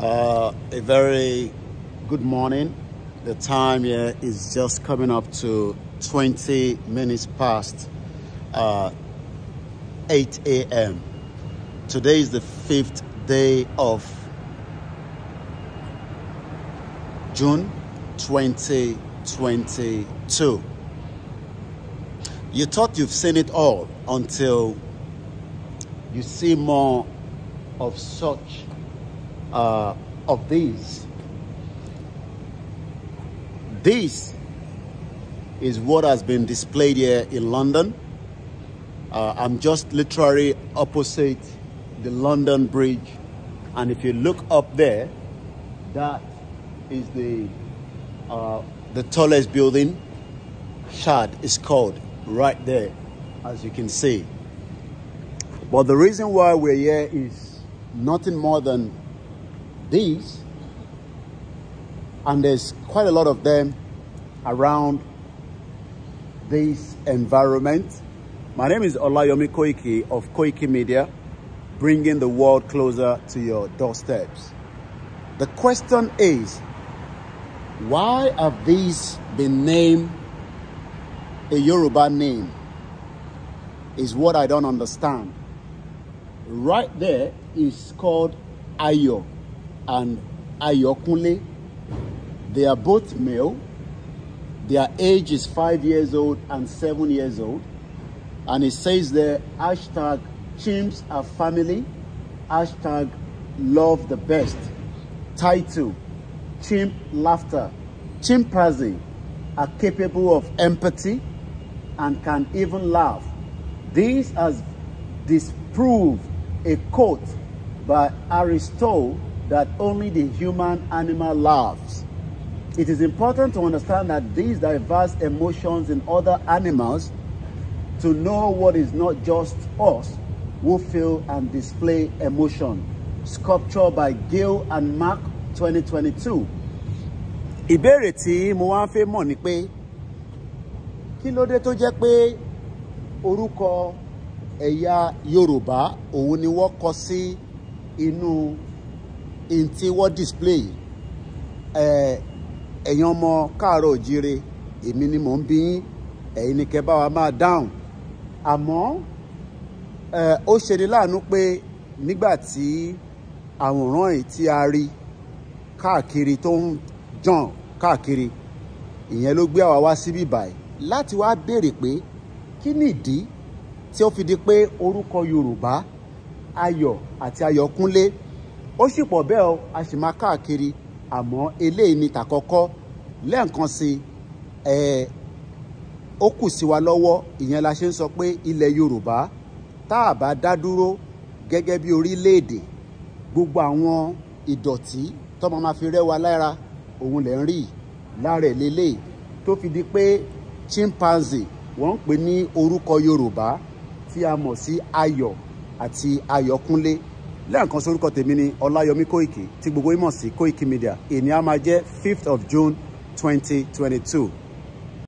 Uh, a very good morning. The time here is just coming up to 20 minutes past uh, 8 a.m. Today is the fifth day of June 2022. You thought you've seen it all until you see more of such uh, of these. This is what has been displayed here in London. Uh, I'm just literally opposite the London Bridge. And if you look up there, that is the, uh, the tallest building. Shad is called right there, as you can see. But the reason why we're here is nothing more than these. And there's quite a lot of them around this environment. My name is Olayomi Koiki of Koiki Media, bringing the world closer to your doorsteps. The question is, why have these been named a Yoruba name? Is what I don't understand. Right there is called Ayo and Ayokunle. They are both male. Their age is five years old and seven years old. And it says there, hashtag chimps are family, hashtag love the best. Title, chimp laughter. Chimpanzee are capable of empathy and can even laugh. This has disproved a quote by Aristotle that only the human animal loves. It is important to understand that these diverse emotions in other animals to know what is not just us who feel and display emotion. Sculpture by Gil and Mark 2022. Ìbéèrè tí mo wá ń fẹ́ mọ̀ ni pé kí ló dé tó in tí wọ́n display ẹ̀yin ọmọ káàárọ̀ òjíire èmi ni mò ń bí yín ẹ̀yin ni kẹ́ bá wa máa dáhùn àmọ́ ó ṣeni láàánú pé nígbà tí àwòrán yìí tí a rí káàkiri tó ń jàn káàkiri ìyẹn ló gbé àwa wá síbí báyìí láti wá béèrè pé kí nìdí tí ó fi di pé orúkọ Yorùbá Ayọ̀ àti Ayọ̀kúnlé ó sì pọ̀ bẹ́ẹ̀ o a sì máa káàkiri àmọ́ eléyìí ni tàkọ́kọ́ lẹ́ẹ̀kan sí ẹ̀ ó kù sí wa lọ́wọ́ ìyẹn la ṣe ń sọ pé ilẹ̀ Yorùbá tá a bá dá dúró gẹ́gẹ́ bí orílẹ̀-èdè gbogbo àwọn ìdọ̀tí tọ́mọ máa fi rẹ́ wa lára òun lẹ̀ ń rí lára ẹ̀ tó fi di pé chimpanzee wọ́n ń pè ní orúkọ Yorùbá tí a mọ̀ sí Ayọ̀ àti Ayọ̀kúnlé lẹ́ẹ̀kan sórúkọ tèmi ni ọláyọmí kóìkì tí gbogbo yín sí kóìkì media èní á máa jẹ́ fifth of june twenty twenty two